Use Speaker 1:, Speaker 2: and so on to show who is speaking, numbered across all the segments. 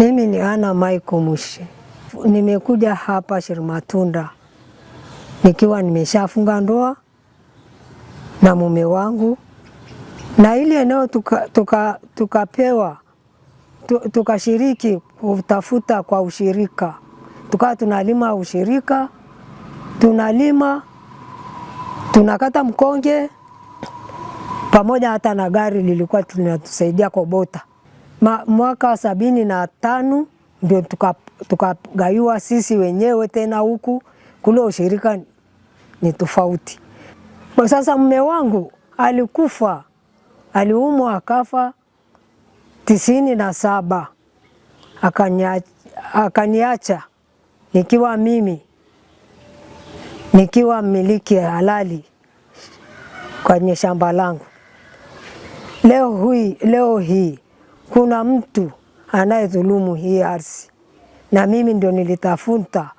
Speaker 1: Mimi ni Ana Maiko Mushi, nimekuja hapa Shirimatunda nikiwa nimeshafunga ndoa na mume wangu, na ili eneo tukapewa tuka, tuka tukashiriki kutafuta kwa ushirika, tukawa tunalima ushirika, tunalima tunakata mkonge pamoja, hata na gari lilikuwa linatusaidia kobota ma, mwaka wa sabini na tano ndio tukagaiwa tuka sisi wenyewe tena huku kule, ushirika ni tofauti. Sasa mume wangu alikufa, aliumwa akafa tisini na saba akaniacha, akaniacha nikiwa mimi nikiwa mmiliki halali kwenye shamba langu leo, hui, leo hii kuna mtu anayedhulumu hii ardhi, na mimi ndio nilitafuta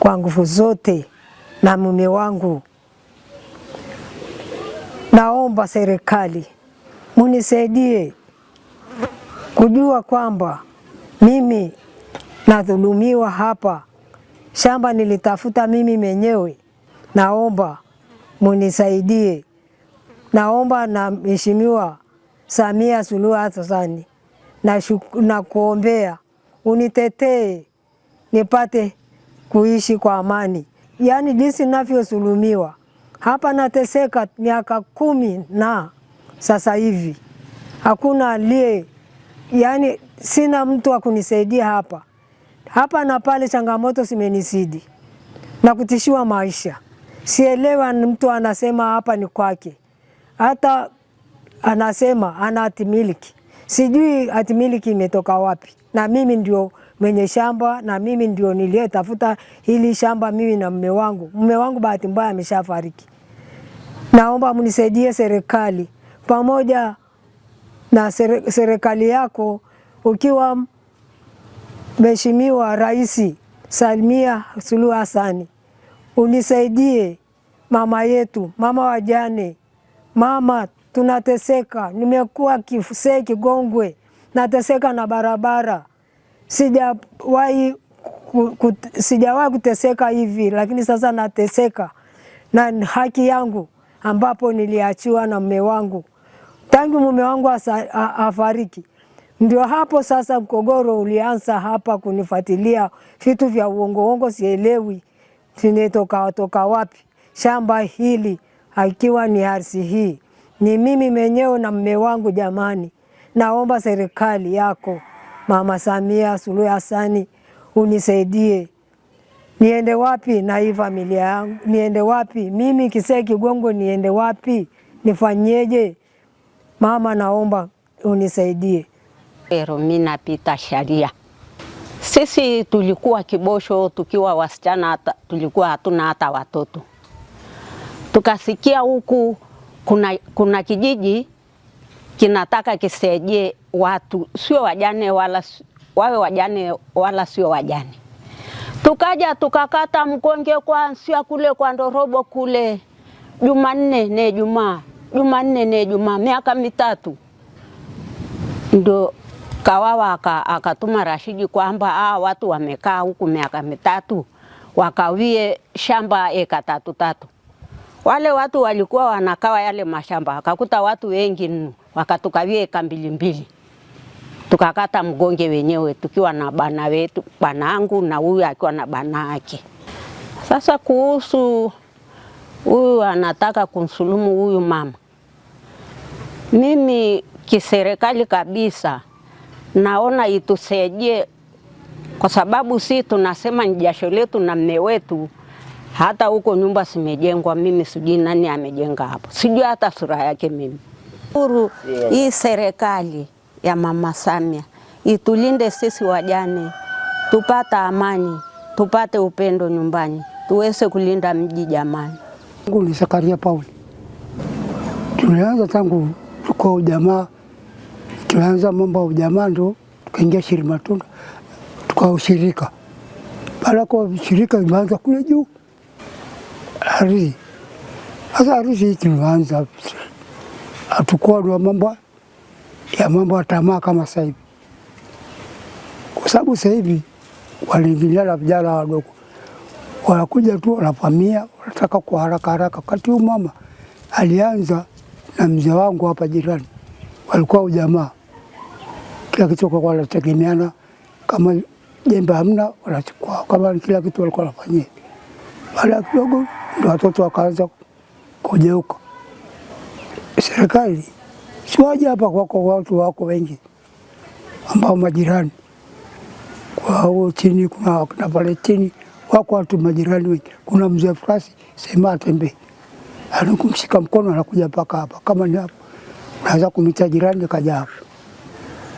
Speaker 1: kwa nguvu zote na mume wangu. Naomba serikali munisaidie kujua kwamba mimi nadhulumiwa hapa. Shamba nilitafuta mimi mwenyewe, naomba munisaidie. Naomba na mheshimiwa Samia Suluhu Hassan na, na kuombea unitetee nipate kuishi kwa amani. Yaani jinsi ninavyosulumiwa hapa, nateseka miaka kumi na sasa hivi hakuna aliye, yaani sina mtu akunisaidia hapa hapa na pale. Changamoto zimenizidi na kutishiwa maisha, sielewa. Mtu anasema hapa ni kwake, hata anasema ana hati miliki, sijui hati miliki imetoka wapi, na mimi ndio mwenye shamba na mimi ndio niliyetafuta hili shamba, mimi na mume wangu. Mume wangu bahati mbaya ameshafariki. Naomba mnisaidie serikali, pamoja na serikali yako, ukiwa Mheshimiwa Rais Samia Suluhu Hassan, unisaidie mama yetu, mama wajane, mama tunateseka. Nimekuwa Kisee Kigongwe, nateseka na barabara, sijawahi sijawahi kuteseka hivi, lakini sasa nateseka na haki yangu ambapo niliachiwa na mume wangu. Tangu mume wangu afariki, ndio hapo sasa mgogoro ulianza hapa kunifuatilia, vitu vya uongo uongo, sielewi vinatoka toka wapi. Shamba hili akiwa ni arsi hii ni mimi mwenyewe na mme wangu. Jamani, naomba serikali yako Mama Samia Suluhu hasani unisaidie, niende wapi na hii familia yangu? Niende wapi mimi Kisee Kigongo? Niende wapi? Nifanyeje? Mama, naomba unisaidie.
Speaker 2: Pero mimi napita sharia. Sisi tulikuwa kibosho, tukiwa wasichana tulikuwa hatuna hata watoto, tukasikia huku kuna, kuna kijiji kinataka kisaidie watu sio wajane wala wawe wajane wala sio wajane. Tukaja tukakata mkonge kwansia kule kwa Ndorobo kule Jumanne ne Jumaa Jumanne ne Jumaa, miaka mitatu ndo Kawawa akatuma Rashidi kwamba ah, watu wamekaa huku miaka mitatu wakawie shamba eka tatu tatu. Wale watu walikuwa wanakawa yale mashamba, wakakuta watu wengi nu, wakatukavieka eka mbili mbili, tukakata mgonge wenyewe tukiwa na bana wetu, banangu na huyu akiwa na bana yake. Sasa kuhusu huyu anataka kumsulumu huyu mama, mimi kiserikali kabisa naona itusaidie, kwa sababu si tunasema ni jasho letu na mme wetu hata huko nyumba simejengwa, mimi sijui nani amejenga hapo, sijui hata sura yake mimi.
Speaker 3: yeah. hii serikali ya Mama Samia itulinde sisi wajane, tupata amani, tupate upendo nyumbani, tuweze kulinda mji jamani.
Speaker 4: Mungu ni Zakaria Pauli. Tulianza tangu tuko ujamaa, tulianza mambo ya ujamaa ndo tukaingia Shirimatunda, tukaushirika. Baada kwa shirika imeanza kule juu harusi. Sasa harusi hii tunaanza, hatukuwa na mambo ya mambo ya tamaa kama sasa hivi, kwa sababu sasa hivi waliingiliana vijana wadogo, wanakuja tu wanavamia, wanataka kwa haraka haraka. Wakati huu mama alianza na mzee wangu hapa jirani, walikuwa ujamaa, kila kitu kwa wanategemeana, kama jembe hamna wanachukua, kama kila kitu walikuwa wanafanyia. Baada ya kidogo ndo watoto wakaanza kujeuka. Serikali si hapa kwako, watu wako wengi ambao majirani kwa huo chini, kuna na pale chini wako watu majirani wengi. Kuna mzee Frasi sema atembe, anakumshika mkono anakuja mpaka hapa, kama ni hapo unaweza kumita jirani kaja hapo.